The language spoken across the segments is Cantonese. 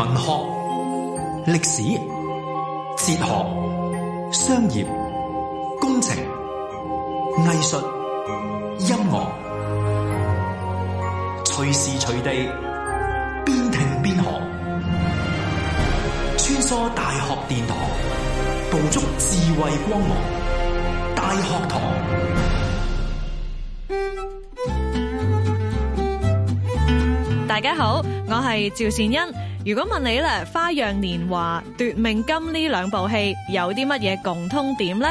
文學、歷史、哲學、商業、工程、藝術、音樂，隨時隨地邊聽邊學，穿梭大學殿堂，捕捉智慧光芒。大學堂，大家好，我係趙善恩。如果問你咧，《花樣年華》《奪命金》呢兩部戲有啲乜嘢共通點呢？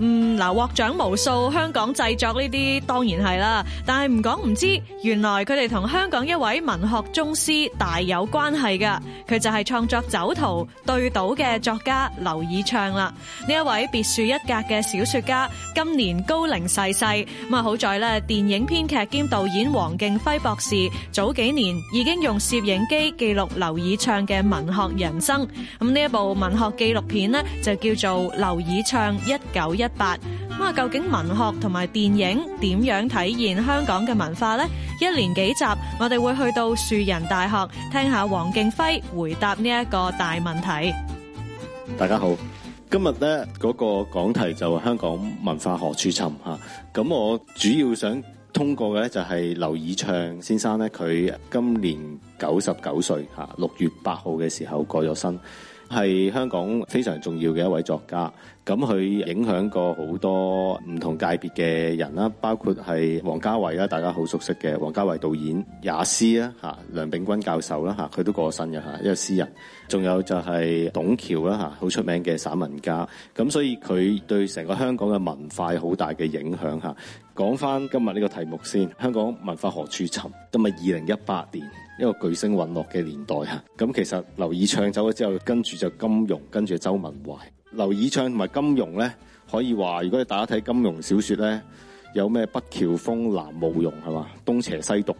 嗯，嗱，獲獎無數，香港製作呢啲當然係啦。但係唔講唔知，原來佢哋同香港一位文學宗師大有關係㗎。佢就係創作《酒徒》《對倒》嘅作家劉以鬯啦。呢一位別樹一格嘅小說家，今年高齡逝世。咁啊好在呢，電影編劇兼導演黃勁輝博士早幾年已經用攝影機記錄劉以鬯嘅文學人生。咁呢一部文學紀錄片呢，就叫做《劉以鬯1918》。一八咁啊，究竟文學同埋電影點樣體現香港嘅文化呢？一連幾集，我哋會去到樹仁大學聽下黃敬輝回答呢一個大問題。大家好，今日呢嗰個講題就係香港文化何處尋吓。咁我主要想通過嘅咧就係劉以鬯先生咧，佢今年九十九歲吓，六月八號嘅時候過咗身。係香港非常重要嘅一位作家，咁佢影響過好多唔同界別嘅人啦，包括係王家衛啦，大家好熟悉嘅王家衛導演，也斯啦吓，梁秉鈞教授啦吓，佢都過身嘅吓，一個詩人，仲有就係董橋啦吓，好出名嘅散文家，咁所以佢對成個香港嘅文化有好大嘅影響吓。講翻今日呢個題目先，香港文化何處尋，今日二零一八年。一個巨星隕落嘅年代，咁其實劉以鬯走咗之後，跟住就金庸，跟住周文懷。劉以鬯同埋金庸咧，可以話，如果你大家睇金庸小說咧，有咩北喬峰、南慕容係嘛，東邪西毒。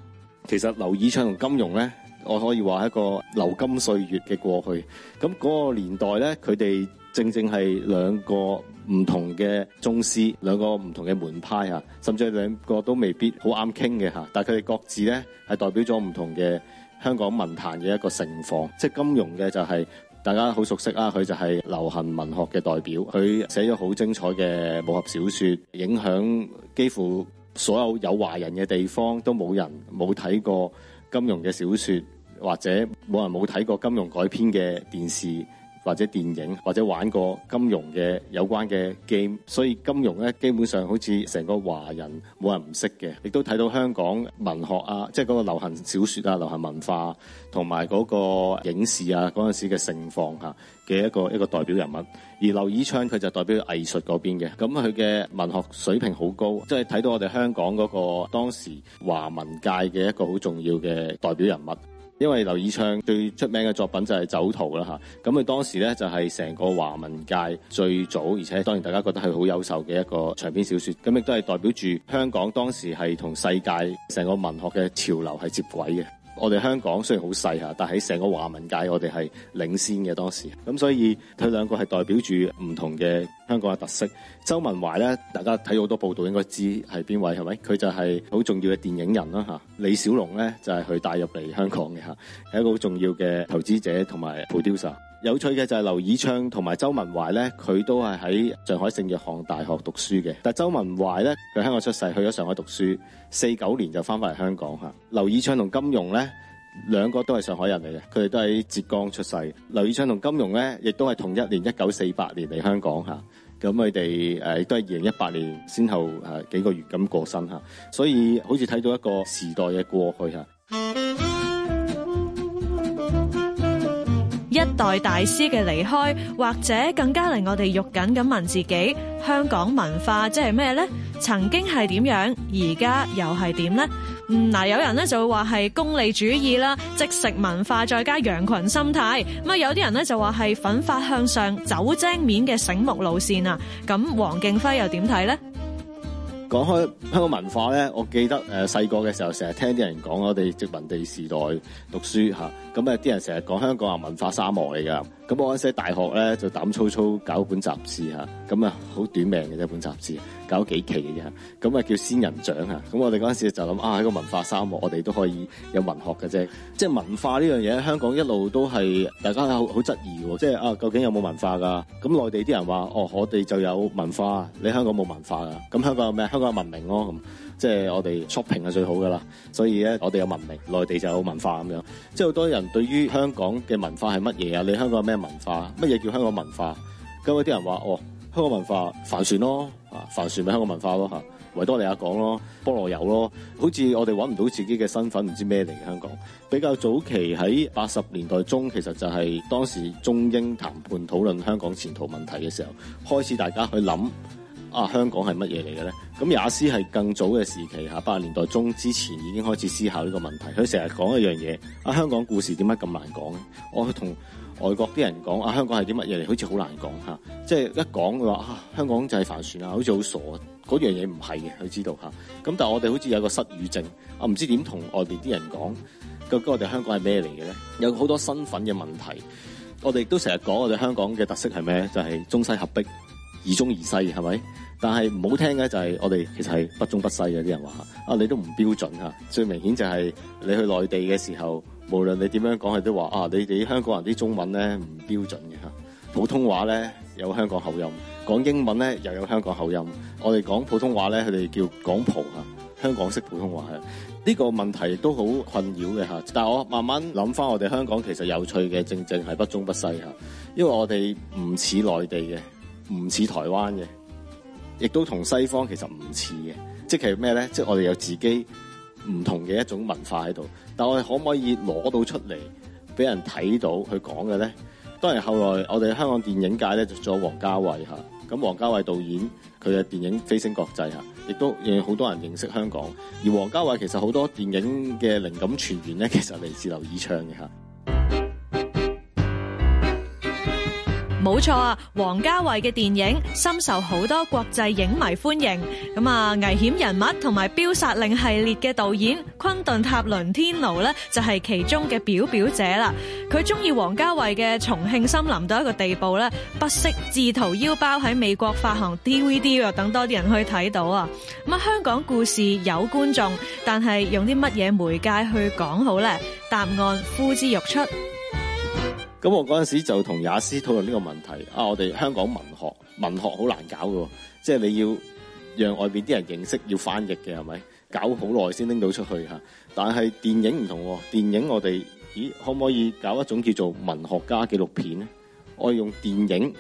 其實劉以鬯同金庸咧，我可以話一個流金歲月嘅過去。咁嗰個年代咧，佢哋正正係兩個唔同嘅宗師，兩個唔同嘅門派，甚至兩個都未必好啱傾嘅。但佢哋各自咧係代表咗唔同嘅香港文壇嘅一個盛況。即係金庸嘅就係、是、大家好熟悉啦，佢就係流行文學嘅代表，佢寫咗好精彩嘅武俠小説，影響幾乎所有有華人嘅地方，都冇人冇睇過金庸嘅小説，或者冇人冇睇過金庸改編嘅電視。或者電影或者玩過金融嘅有關嘅 game，所以金融呢基本上好似成個華人冇人唔識嘅，亦都睇到香港文學啊，即係嗰個流行小說啊、流行文化同埋嗰個影視啊嗰陣時嘅盛況嚇嘅、啊、一個一個代表人物。而劉以鬯佢就代表藝術嗰邊嘅，咁佢嘅文學水平好高，即係睇到我哋香港嗰個當時華文界嘅一個好重要嘅代表人物。因為劉以鬯最出名嘅作品就係、是《酒徒》啦嚇，咁佢當時呢就係成個華文界最早，而且當然大家覺得係好優秀嘅一個長篇小說。咁亦都係代表住香港當時係同世界成個文學嘅潮流係接軌嘅。我哋香港雖然好細嚇，但喺成個華文界，我哋係領先嘅當時。咁所以佢兩個係代表住唔同嘅香港嘅特色。周文懷咧，大家睇好多報道應該知係邊位係咪？佢就係好重要嘅電影人啦嚇。李小龍咧就係、是、佢帶入嚟香港嘅嚇，係一個好重要嘅投資者同埋 producer。有趣嘅就係劉以鬯同埋周文懷咧，佢都係喺上海聖約翰大學讀書嘅。但係周文懷咧，佢香港出世去咗上海讀書，四九年就翻返嚟香港嚇。劉以鬯同金庸咧兩個都係上海人嚟嘅，佢哋都喺浙江出世。劉以鬯同金庸咧，亦都係同一年一九四八年嚟香港嚇。咁佢哋誒亦都係二零一八年先後誒幾個月咁過身嚇。所以好似睇到一個時代嘅過去嚇。代大師嘅離開，或者更加令我哋肉緊咁問自己：香港文化即係咩咧？曾經係點樣，而家又係點咧？嗯，嗱，有人咧就會話係功利主義啦，即食文化再加羊群心態。咁啊，有啲人咧就話係奮發向上、走精面嘅醒目路線啊。咁黃敬輝又點睇咧？講開香港文化咧，我記得誒細個嘅時候，成日聽啲人講我哋殖民地時代讀書嚇，咁啊啲人成日講香港係文化沙漠嚟㗎，咁我陣時喺大學咧就膽粗粗搞本雜誌嚇，咁啊好短命嘅一本雜誌。啊搞幾期嘅啫，咁啊叫仙人掌啊！咁我哋嗰陣時就諗啊，喺個文化沙漠，我哋都可以有文學嘅啫。即係文化呢樣嘢，香港一路都係大家好好質疑喎，即係啊，究竟有冇文化㗎？咁內地啲人話：哦，我哋就有文化，你香港冇文化啊！咁香港有咩？香港有文明咯、哦。咁即係我哋 shopping 係最好㗎啦。所以咧，我哋有文明，內地就有文化咁樣。即係好多人對於香港嘅文化係乜嘢啊？你香港有咩文化？乜嘢叫香港文化？咁有啲人話：哦。香港文化帆船咯，啊帆船咪香港文化咯，吓，維多利亞港咯，菠蘿油咯，好似我哋揾唔到自己嘅身份，唔知咩嚟嘅香港。比較早期喺八十年代中，其實就係當時中英談判討論香港前途問題嘅時候，開始大家去諗啊香港係乜嘢嚟嘅咧？咁也斯係更早嘅時期嚇，八十年代中之前已經開始思考呢個問題。佢成日講一樣嘢啊，香港故事點解咁難講咧？我去同外國啲人講啊，香港係啲乜嘢嚟？好似好難講嚇，即係一講佢話啊，香港就係帆船啊，好似好傻。嗰樣嘢唔係嘅，佢知道嚇。咁但係我哋好似有個失語症，啊唔知點同外邊啲人講究竟我哋香港係咩嚟嘅咧？有好多身份嘅問題。我哋亦都成日講我哋香港嘅特色係咩咧？就係、是、中西合璧，以中而西係咪？但係唔好聽嘅就係我哋其實係不中不西嘅啲人話嚇，啊你都唔標準嚇、啊、最明顯就係你去內地嘅時候。無論你點樣講，佢都話啊，你哋香港人啲中文咧唔標準嘅嚇，普通話咧有香港口音，講英文咧又有香港口音，我哋講普通話咧，佢哋叫廣普嚇，香港式普通話呢個問題都好困擾嘅嚇。但係我慢慢諗翻，我哋香港其實有趣嘅，正正係不中不西嚇，因為我哋唔似內地嘅，唔似台灣嘅，亦都同西方其實唔似嘅，即係咩咧？即係我哋有自己。唔同嘅一種文化喺度，但我哋可唔可以攞到出嚟俾人睇到去講嘅咧？當然後來我哋香港電影界咧就做咗王家衛吓，咁王家衛導演佢嘅電影蜚聲國際，亦都好多人認識香港。而王家衛其實好多電影嘅靈感泉源咧，其實嚟自劉以鬯嘅吓冇錯啊，王家衛嘅電影深受好多國際影迷歡迎。咁啊，危險人物同埋《標殺令》系列嘅導演昆頓塔倫天奴呢，就係、是、其中嘅表表者啦。佢中意王家衛嘅《重慶森林》到一個地步，不惜自掏腰包喺美國發行 DVD 啊，等多啲人去睇到啊。咁香港故事有觀眾，但係用啲乜嘢媒介去講好呢？答案呼之欲出。咁我嗰陣時就同也斯討論呢個問題，啊，我哋香港文學文學好難搞嘅，即係你要讓外面啲人認識，要翻譯嘅係咪？搞好耐先拎到出去嚇。但係電影唔同，電影我哋咦可唔可以搞一種叫做文學家紀錄片咧？我用電影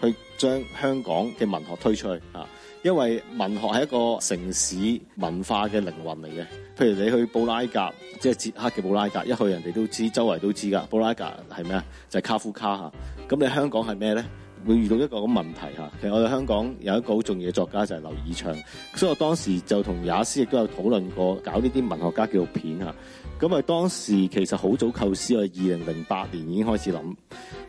去將香港嘅文學推出去嚇，因為文學係一個城市文化嘅靈魂嚟嘅。譬如你去布拉格，即係捷克嘅布拉格，一去人哋都知，周圍都知噶。布拉格係咩啊？就係卡夫卡吓。咁你香港係咩咧？會遇到一個咁問題吓。其實我哋香港有一個好重要嘅作家就係劉以鬯。所以我當時就同雅斯亦都有討論過搞呢啲文學家紀錄片吓。咁啊，我當時其實好早構思啊，二零零八年已經開始諗。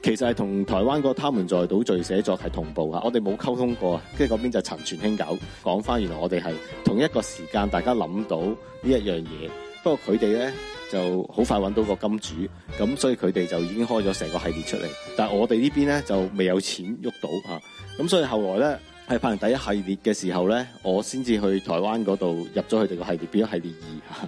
其實係同台灣個他們在島嶼寫作係同步，我哋冇溝通過啊，即嗰邊就陳傳興九講返，原來我哋係同一個時間大家諗到呢一樣嘢，不過佢哋咧就好快揾到個金主，咁所以佢哋就已經開咗成個系列出嚟，但係我哋呢邊咧就未有錢喐到嚇，咁所以後來咧。.係拍完第一系列嘅時候咧，我先至去台灣嗰度入咗佢哋個系列，變咗系列二嚇。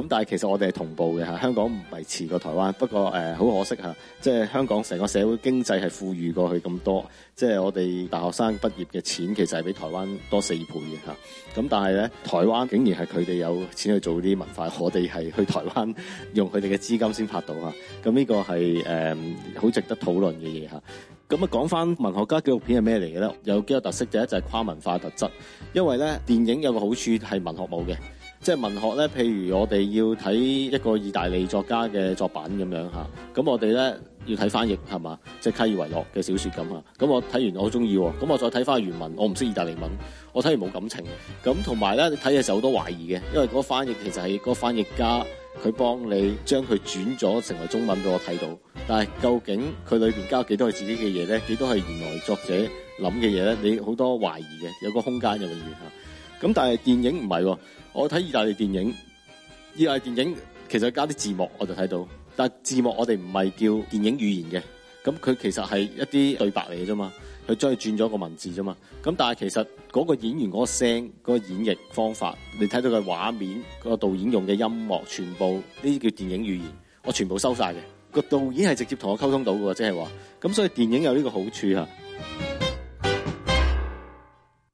咁但係其實我哋係同步嘅嚇，香港唔係遲過台灣。不過誒，好、呃、可惜即係、就是、香港成個社會經濟係富裕過佢咁多，即、就、係、是、我哋大學生畢業嘅錢其實係比台灣多四倍嘅嚇。咁但係咧，台灣竟然係佢哋有錢去做啲文化，我哋係去台灣用佢哋嘅資金先拍到嚇。咁呢個係誒好值得討論嘅嘢嚇。咁啊，講翻文學家紀錄片係咩嚟嘅咧？有幾個特色嘅？一就係、是、跨文化特質，因為咧電影有個好處係文學冇嘅，即係文學咧，譬如我哋要睇一個意大利作家嘅作品咁樣嚇，咁我哋咧要睇翻譯係嘛，即卡爾維諾嘅小說咁啊，咁我睇完我好中意喎，咁我再睇翻原文，我唔識意大利文，我睇完冇感情，咁同埋咧你睇嘅時候好多懷疑嘅，因為嗰個翻譯其實係個翻譯家。佢幫你將佢轉咗成為中文俾我睇到，但係究竟佢裏邊加幾多係自己嘅嘢咧？幾多係原來作者諗嘅嘢咧？你好多懷疑嘅，有個空間嘅語言嚇。咁、啊、但係電影唔係喎，我睇意大利電影，意大利電影其實加啲字幕我就睇到，但字幕我哋唔係叫電影語言嘅。咁佢其實，係一啲對白嚟嘅啫嘛，佢將佢轉咗個文字啫嘛。咁但係其實嗰個演員嗰個聲、嗰個演繹方法，你睇到嘅畫面，嗰個導演用嘅音樂，全部呢啲叫電影語言，我全部收晒嘅。個導演係直接同我溝通到嘅，即係話，咁所以電影有呢個好處啊。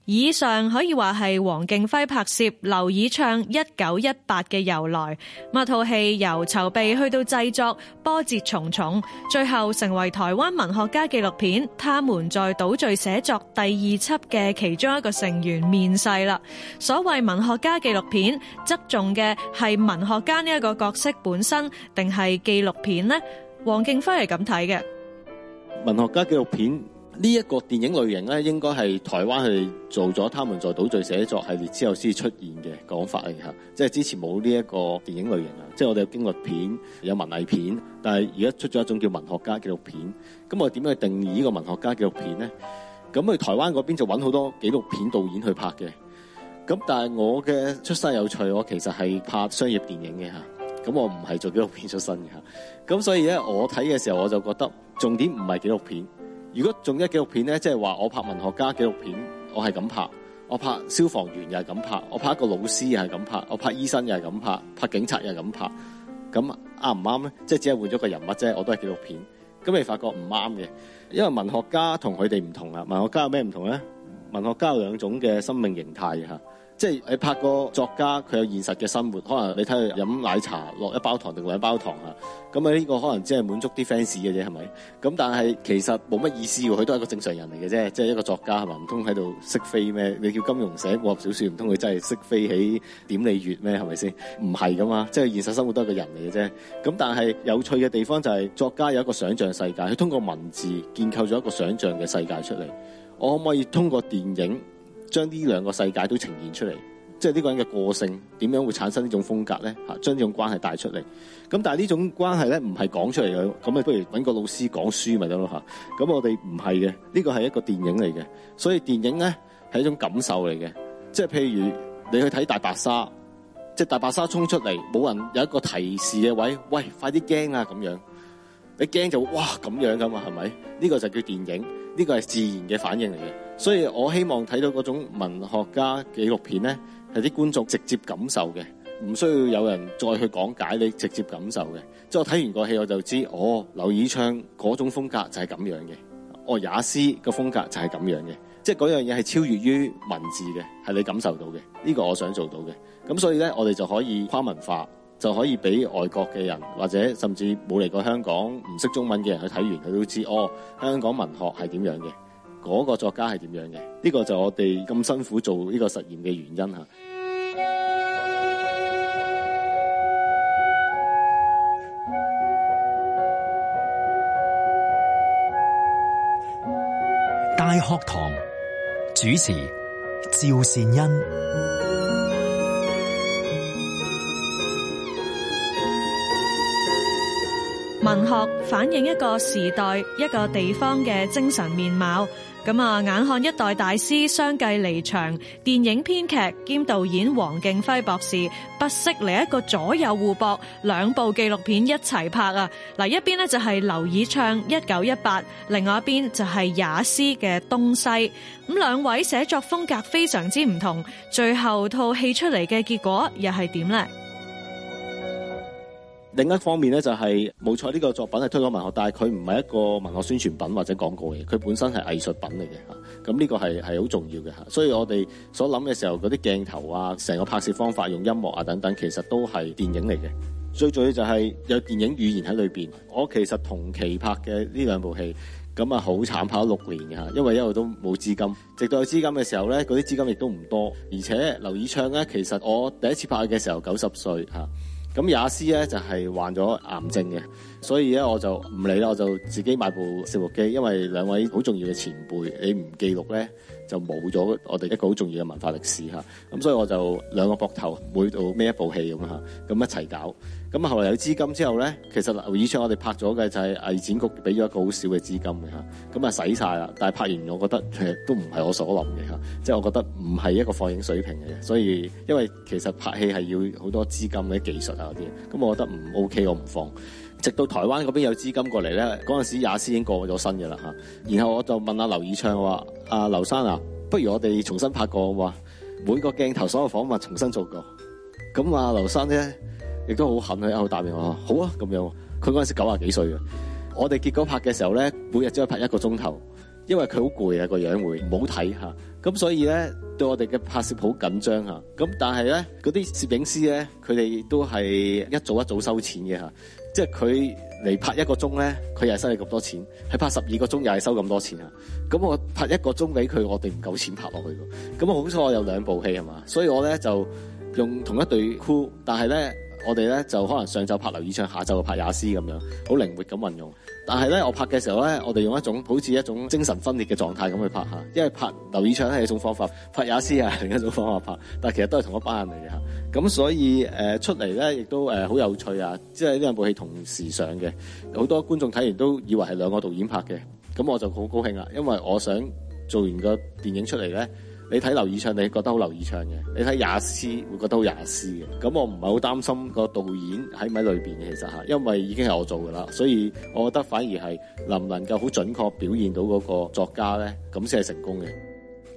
以上可以話係黃敬輝拍攝劉以鬯一九一八嘅由來，麥套戲由籌備去到製作波折重重，最後成為台灣文學家紀錄片。他們在島嶼寫作第二輯嘅其中一個成員面世啦。所謂文學家紀錄片，側重嘅係文學家呢一個角色本身，定係紀錄片呢？黃敬輝係咁睇嘅。文學家紀錄片。呢、這、一個電影類型咧，應該係台灣係做咗他們在島嶼寫作系列之後先出現嘅講法嚟嚇，即係之前冇呢一個電影類型啊！即係我哋有驚慄片，有文藝片，但係而家出咗一種叫文學家紀錄片。咁我點樣去定義呢個文學家紀錄片咧？咁去台灣嗰邊就揾好多紀錄片導演去拍嘅。咁但係我嘅出身有趣，我其實係拍商業電影嘅下。咁我唔係做紀錄片出身嘅下。咁所以咧，我睇嘅時候我就覺得重點唔係紀錄片。如果仲啲紀錄片咧，即係話我拍文學家紀錄片，我係咁拍；我拍消防員又係咁拍；我拍一個老師又係咁拍；我拍醫生又係咁拍；拍警察又係咁拍。咁啱唔啱咧？即、啊、係、就是、只係換咗個人物啫，我都係紀錄片。咁你發覺唔啱嘅，因為文學家同佢哋唔同呀。文學家有咩唔同咧？文學家有兩種嘅生命形態吓。即係你拍個作家，佢有現實嘅生活，可能你睇佢飲奶茶落一包糖定兩包糖啊。咁啊呢個可能只係滿足啲 fans 嘅啫，係咪？咁但係其實冇乜意思喎，佢都係一個正常人嚟嘅啫，即係一個作家係嘛？唔通喺度識飛咩？你叫金庸寫過小說，唔通佢真係識飛起點你月咩？係咪先？唔係噶嘛，即係現實生活都係個人嚟嘅啫。咁但係有趣嘅地方就係作家有一個想像世界，佢通過文字建構咗一個想像嘅世界出嚟。我可唔可以通過電影？將呢兩個世界都呈現出嚟，即係呢個人嘅個性點樣會產生呢種風格咧？嚇，將呢種關係帶出嚟。咁但係呢種關係咧，唔係講出嚟嘅。咁啊，不如揾個老師講書咪得咯嚇。咁我哋唔係嘅，呢個係一個電影嚟嘅。所以電影咧係一種感受嚟嘅。即係譬如你去睇大白鯊，即係大白鯊衝出嚟，冇人有一個提示嘅位，喂，快啲驚啊咁樣。你驚就哇咁樣噶嘛，係咪？呢個就叫電影，呢個係自然嘅反應嚟嘅。所以我希望睇到嗰種文學家紀錄片咧，係啲觀眾直接感受嘅，唔需要有人再去講解你，你直接感受嘅。即係我睇完個戲我就知哦，劉以鬯嗰種風格就係咁樣嘅，哦，也斯個風格就係咁樣嘅。即係那樣嗰樣嘢係超越於文字嘅，係你感受到嘅。呢、這個我想做到嘅。咁所以咧，我哋就可以跨文化，就可以俾外國嘅人或者甚至冇嚟過香港、唔識中文嘅人去睇完，佢都知哦，香港文學係點樣嘅。嗰個作家係點樣嘅？呢個就我哋咁辛苦做呢個實驗嘅原因吓。大學堂主持趙善恩，文學反映一個時代、一個地方嘅精神面貌。咁啊！眼看一代大師相繼離場，電影編劇兼導演黃勁輝博士，不惜嚟一個左右互搏，兩部紀錄片一齊拍啊！嗱，一邊咧就係劉以鬯《一九一八》，另外一邊就係也斯嘅《東西》。咁兩位寫作風格非常之唔同，最後套戲出嚟嘅結果又係點咧？另一方面咧、就係，就係冇錯，呢、呢個作品係推廣文學，但係佢唔係一個文學宣傳品或者廣告嚟嘅，佢本身係藝術品嚟嘅嚇。咁呢個係係好重要嘅嚇。所以我哋所諗嘅時候，嗰啲鏡頭啊，成個拍攝方法、用音樂啊等等，其實都係電影嚟嘅。最重要就係有電影語言喺裏面。我其實同期拍嘅呢兩部戲，咁啊好慘拍咗六年嘅嚇，因為一路都冇資金。直到有資金嘅時候咧，嗰啲資金亦都唔多。而且劉以鬯咧，其實我第一次拍嘅時候九十歲嚇。咁也斯咧就係、是、患咗癌症嘅，所以咧我就唔理啦，我就自己買部攝錄機，因為兩位好重要嘅前輩，你唔記錄咧就冇咗我哋一個好重要嘅文化歷史咁、嗯、所以我就兩個膊頭每度孭一部戲咁咁一齊搞。咁後嚟有資金之後咧，其實劉以鬯我哋拍咗嘅就係藝展局俾咗一個好少嘅資金嘅嚇，咁啊使晒啦。但係拍完我覺得其實都唔係我所諗嘅嚇，即係我覺得唔係一個放映水平嘅，所以因為其實拍戲係要好多資金嘅啲技術啊嗰啲，咁我覺得唔 OK，我唔放。直到台灣嗰邊有資金過嚟咧，嗰陣時亞斯已經過咗身嘅啦嚇。然後我就問阿劉以鬯話：阿、啊、劉生啊，不如我哋重新拍過喎，每個鏡頭所有訪問重新做過。咁啊，劉生咧。亦都好肯一口答應我，好啊咁樣。佢嗰陣時九廿幾歲嘅，我哋結果拍嘅時候咧，每日只係拍一個鐘頭，因為佢好攰啊，個樣會唔好睇吓，咁所以咧對我哋嘅拍攝好緊張啊。咁但係咧，嗰啲攝影師咧，佢哋都係一早一早收錢嘅吓，即係佢嚟拍一個鐘咧，佢又係收你咁多錢，佢拍十二個鐘又係收咁多錢啊。咁我拍一個鐘俾佢，我哋唔夠錢拍落去嘅。咁好彩我有兩部戲係嘛，所以我咧就用同一對箍，但係咧。我哋咧就可能上晝拍劉以鬯，下晝就拍也斯咁樣，好靈活咁運用。但係咧，我拍嘅時候咧，我哋用一種好似一種精神分裂嘅狀態咁去拍下，因為拍劉以鬯係一種方法，拍也斯啊係另一種方法拍，但係其實都係同一班人嚟嘅嚇。咁所以、呃、出嚟咧亦都好、呃、有趣啊，即係呢兩部戲同時上嘅，好多觀眾睇完都以為係兩個導演拍嘅，咁我就好高興呀，因為我想做完個電影出嚟咧。你睇劉以鬯，你覺得好劉以鬯嘅；你睇也斯，會覺得好也斯嘅。咁我唔係好擔心個導演喺咪裏邊嘅，其實吓，因為已經係我做嘅啦，所以我覺得反而係能唔能夠好準確表現到嗰個作家呢，咁先係成功嘅。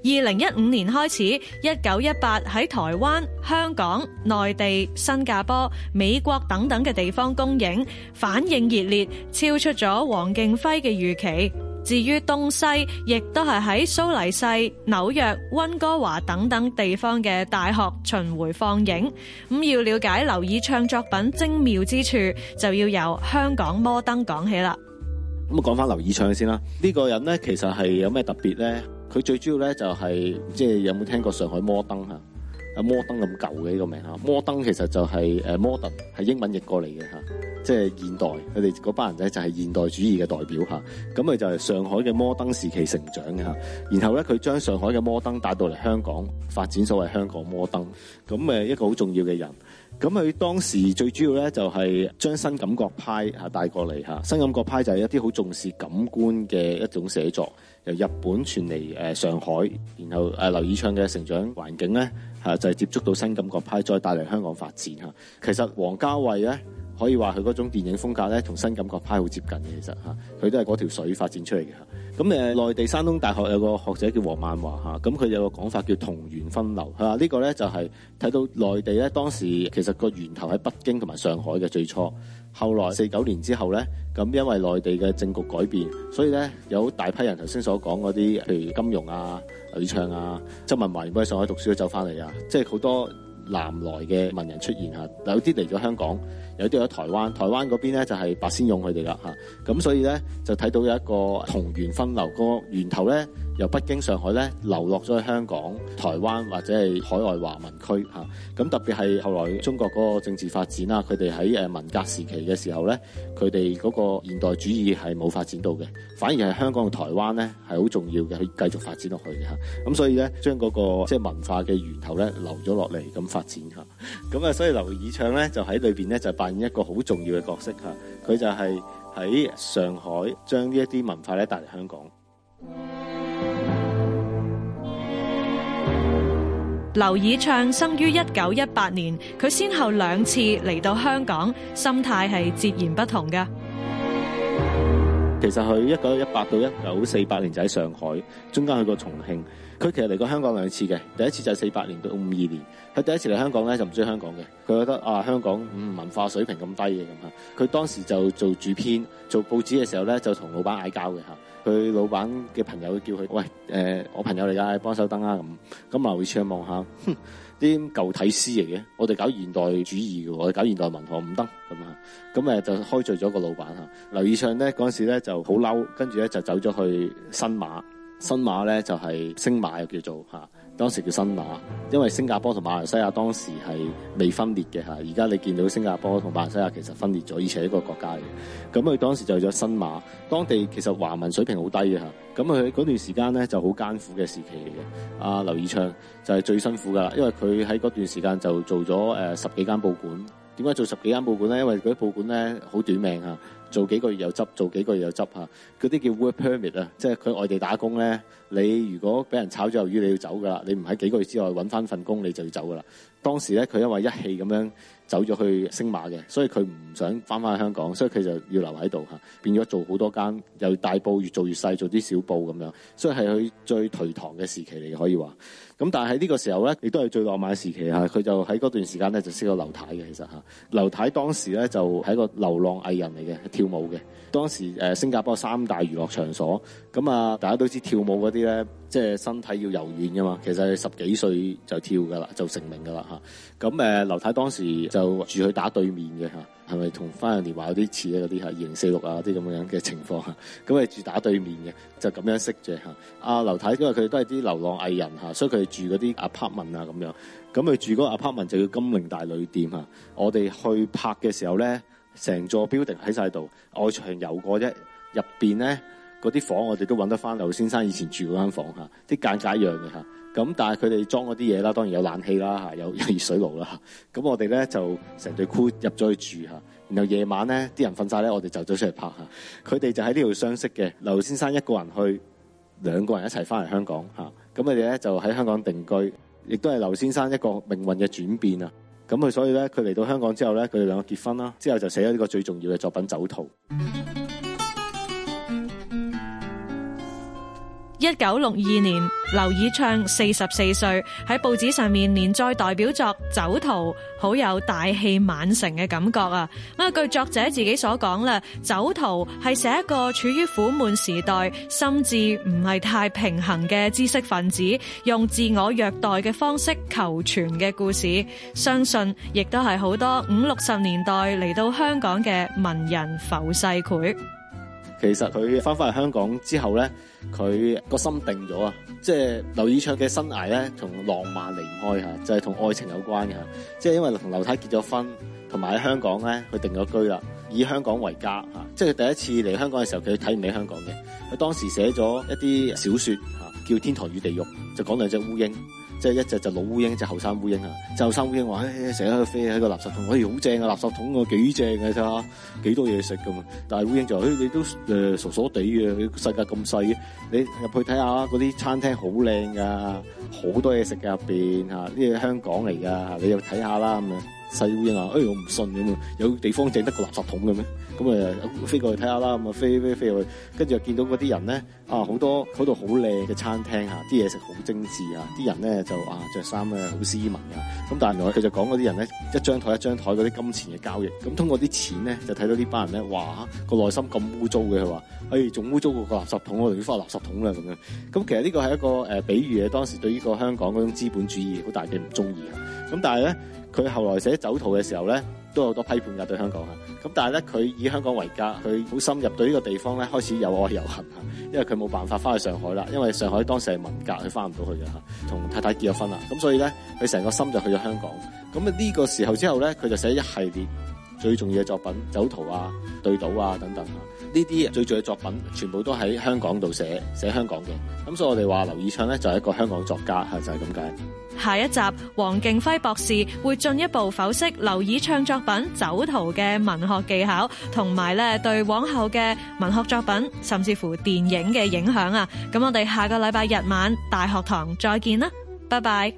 二零一五年開始，一九一八喺台灣、香港、內地、新加坡、美國等等嘅地方公映，反應熱烈，超出咗黃勁輝嘅預期。至於東西，亦都係喺蘇黎世、紐約、溫哥華等等地方嘅大學巡迴放映。咁要了解劉以鬯作品精妙之處，就要由香港摩登講起啦。咁啊，講返劉以鬯先啦。呢個人咧，其實係有咩特別咧？佢最主要咧就係、是，即係有冇聽過上海摩登吓？啊摩登咁舊嘅呢個名吓，摩登其實就係誒 modern 係英文譯過嚟嘅吓。即係現代，佢哋嗰班人仔就係現代主義嘅代表嚇。咁佢就係上海嘅摩登時期成長嘅嚇。然後咧，佢將上海嘅摩登帶到嚟香港發展，所謂香港摩登咁，誒一個好重要嘅人。咁佢當時最主要咧就係將新感覺派嚇帶過嚟嚇。新感覺派就係一啲好重視感官嘅一種寫作，由日本傳嚟誒上海，然後誒劉以鬯嘅成長環境咧嚇就係接觸到新感覺派，再帶嚟香港發展嚇。其實王家衛咧。可以話佢嗰種電影風格咧，同新感覺派好接近嘅，其實佢都係嗰條水發展出嚟嘅咁誒，內地山東大學有個學者叫黃萬華，咁佢有個講法叫同源分流，吓、這個、呢個咧就係、是、睇到內地咧當時其實個源頭喺北京同埋上海嘅最初，後來四九年之後咧，咁因為內地嘅政局改變，所以咧有大批人頭先所講嗰啲，譬如金融啊、女唱啊、即係文華唔喺上海讀書都走翻嚟啊，即係好多。南來嘅文人出現嚇，有啲嚟咗香港，有啲喺台灣。台灣嗰邊咧就係白先勇佢哋啦嚇，咁所以咧就睇到有一個同源分流個源頭咧。由北京、上海咧流落咗去香港、台灣或者係海外華文區咁、啊、特別係後來中國嗰個政治發展啦，佢哋喺誒文革時期嘅時候咧，佢哋嗰個現代主義係冇發展到嘅，反而係香港同台灣咧係好重要嘅，去繼續發展落去嘅咁、啊、所以咧，將嗰、那個即係、就是、文化嘅源頭咧留咗落嚟咁發展嚇。咁啊，所以劉以鬯咧就喺裏面咧就扮演一個好重要嘅角色佢、啊、就係喺上海將呢一啲文化咧帶嚟香港。劉以鬯生於一九一八年，佢先後兩次嚟到香港，心態係截然不同嘅。其實佢一九一八到一九四八年就喺上海，中間去過重慶。佢其實嚟過香港兩次嘅，第一次就係四八年到五二年。佢第一次嚟香港咧就唔中意香港嘅，佢覺得啊香港、嗯、文化水平咁低嘅。咁佢當時就做主編做報紙嘅時候咧就同老闆嗌交嘅吓。佢老闆嘅朋友叫佢喂，誒、呃、我朋友嚟㗎，幫手登啊咁，咁劉以鬯望下，哼，啲舊體詩嚟嘅，我哋搞現代主義嘅，我哋搞現代文學唔得咁啊，咁誒就開罪咗個老闆嚇，劉以鬯咧嗰陣時咧就好嬲，跟住咧就走咗去新馬，新馬咧就係、是、星馬又叫做嚇。當時叫新馬，因為新加坡同馬來西亞當時係未分裂嘅嚇，而家你見到新加坡同馬來西亞其實分裂咗，以前一個國家嘅。咁佢當時就去咗新馬，當地其實華文水平好低嘅嚇，咁佢嗰段時間咧就好艱苦嘅時期嚟嘅。阿劉以鬯就係最辛苦㗎喇，因為佢喺嗰段時間就做咗誒十幾間報館。點解做十幾間報館呢？因為嗰啲報館咧好短命做幾個月又執，做幾個月又執嚇，嗰啲叫 work permit 啊，即係佢外地打工呢。你如果畀人炒咗魷魚，你要走㗎喇，你唔喺幾個月之外搵翻份工，你就要走㗎喇。當時咧，佢因為一氣咁樣走咗去星馬嘅，所以佢唔想翻返香港，所以佢就要留喺度嚇，變咗做好多間又大報越做越細，做啲小報咁樣，所以係佢最頹唐嘅時期嚟嘅，可以話。咁但係呢個時候咧，亦都係最浪漫嘅時期嚇。佢就喺嗰段時間咧就識咗劉太嘅，其實嚇。劉太當時咧就係一個流浪藝人嚟嘅，跳舞嘅。當時誒，新加坡三大娛樂場所，咁啊大家都知跳舞嗰啲咧，即係身體要柔軟噶嘛。其實係十幾歲就跳㗎啦，就成名㗎啦。咁誒，劉太當時就住佢打對面嘅，係咪同翻人年華有啲似啊？嗰啲係二零四六啊啲咁樣嘅情況，咁啊住打對面嘅，就咁樣識嘅。嚇。阿劉太因為佢都係啲流浪藝人，所以佢住嗰啲 apartment 啊咁樣。咁佢住嗰個 apartment 就叫金陵大旅店。我哋去拍嘅時候咧，成座 building 喺晒度，外牆有個啫，入面咧。嗰啲房我哋都揾得翻，劉先生以前住嗰間房，啲間隔一樣嘅。咁但係佢哋裝嗰啲嘢啦，當然有冷氣啦，有有熱水爐啦。咁我哋咧就成隊 cool 入咗去住嚇。然後夜晚咧啲人瞓晒咧，我哋就走出嚟拍。佢哋就喺呢度相識嘅。劉先生一個人去，兩個人一齊翻嚟香港嚇。咁佢哋咧就喺香港定居，亦都係劉先生一個命運嘅轉變啊。咁佢所以咧，佢嚟到香港之後咧，佢哋兩個結婚啦，之後就寫咗呢個最重要嘅作品《酒徒》。一九六二年，劉以鬯四十四歲喺報紙上面連載代表作《酒徒》，好有大器晚成嘅感覺啊！咁據作者自己所講啦，《酒徒》係寫一個處於苦悶時代、心智唔係太平衡嘅知識分子，用自我虐待嘅方式求存嘅故事。相信亦都係好多五六十年代嚟到香港嘅文人浮世繪。其實佢翻返嚟香港之後咧，佢個心定咗啊！即係劉以鬯嘅生涯咧，同浪漫離唔開吓，就係、是、同愛情有關嘅吓。即係因為同劉太結咗婚，同埋喺香港咧，佢定咗居啦，以香港為家吓。即係佢第一次嚟香港嘅時候，佢睇唔起香港嘅。佢當時寫咗一啲小說吓，叫《天堂與地獄》，就講兩隻烏蠅。即係一隻就老烏蠅，一隻後生烏蠅啊！後生烏蠅話：誒，成日喺度飛喺個垃圾桶，我哋好正啊！垃圾桶幾正嘅，睇下幾多嘢食㗎嘛。但係烏蠅就，誒、哎，你都誒傻傻地嘅，世界咁細，你入去睇下嗰啲餐廳好靚㗎，好多嘢食嘅入面，呢啲嘢香港嚟㗎，你又睇下啦咁啊！細烏蠅話：誒、哎，我唔信咁啊，有地方整得個垃圾桶嘅咩？咁啊，飛過去睇下啦，咁啊飛飛飛入去，跟住又見到嗰啲人咧，啊好多嗰度好靚嘅餐廳啊，啲嘢食好精緻啊，啲人咧就啊著衫咧好斯文啊，咁但係原來佢就講嗰啲人咧，一張台一張台嗰啲金錢嘅交易，咁通過啲錢咧就睇到呢班人咧，哇個內心咁污糟嘅，佢話，哎仲污糟過個垃圾桶，我哋要翻垃圾桶啦咁樣。咁其實呢個係一個誒、呃、比喻嘅，當時對於個香港嗰種資本主義好大嘅唔中意。咁但係咧，佢後來寫《酒徒》嘅時候咧。都好多批判㗎對香港，咁但係咧，佢以香港為家，佢好深入對呢個地方咧，開始有愛有恨，嚇，因為佢冇辦法翻去上海啦，因為上海當時係文革，佢翻唔到去嘅嚇，同太太結咗婚啦，咁所以咧，佢成個心就去咗香港，咁啊呢個時候之後咧，佢就寫一系列最重要嘅作品《酒徒》啊、對啊《對倒》啊等等。呢啲最早嘅作品全部都喺香港度寫寫香港嘅，咁所以我哋話劉以鬯咧就係一個香港作家吓，就係咁解。下一集黃敬輝博士會進一步剖析劉以鬯作，作品《酒徒》嘅文學技巧，同埋咧對往後嘅文學作品，甚至乎電影嘅影響啊！咁我哋下個禮拜日晚大學堂再見啦，拜拜。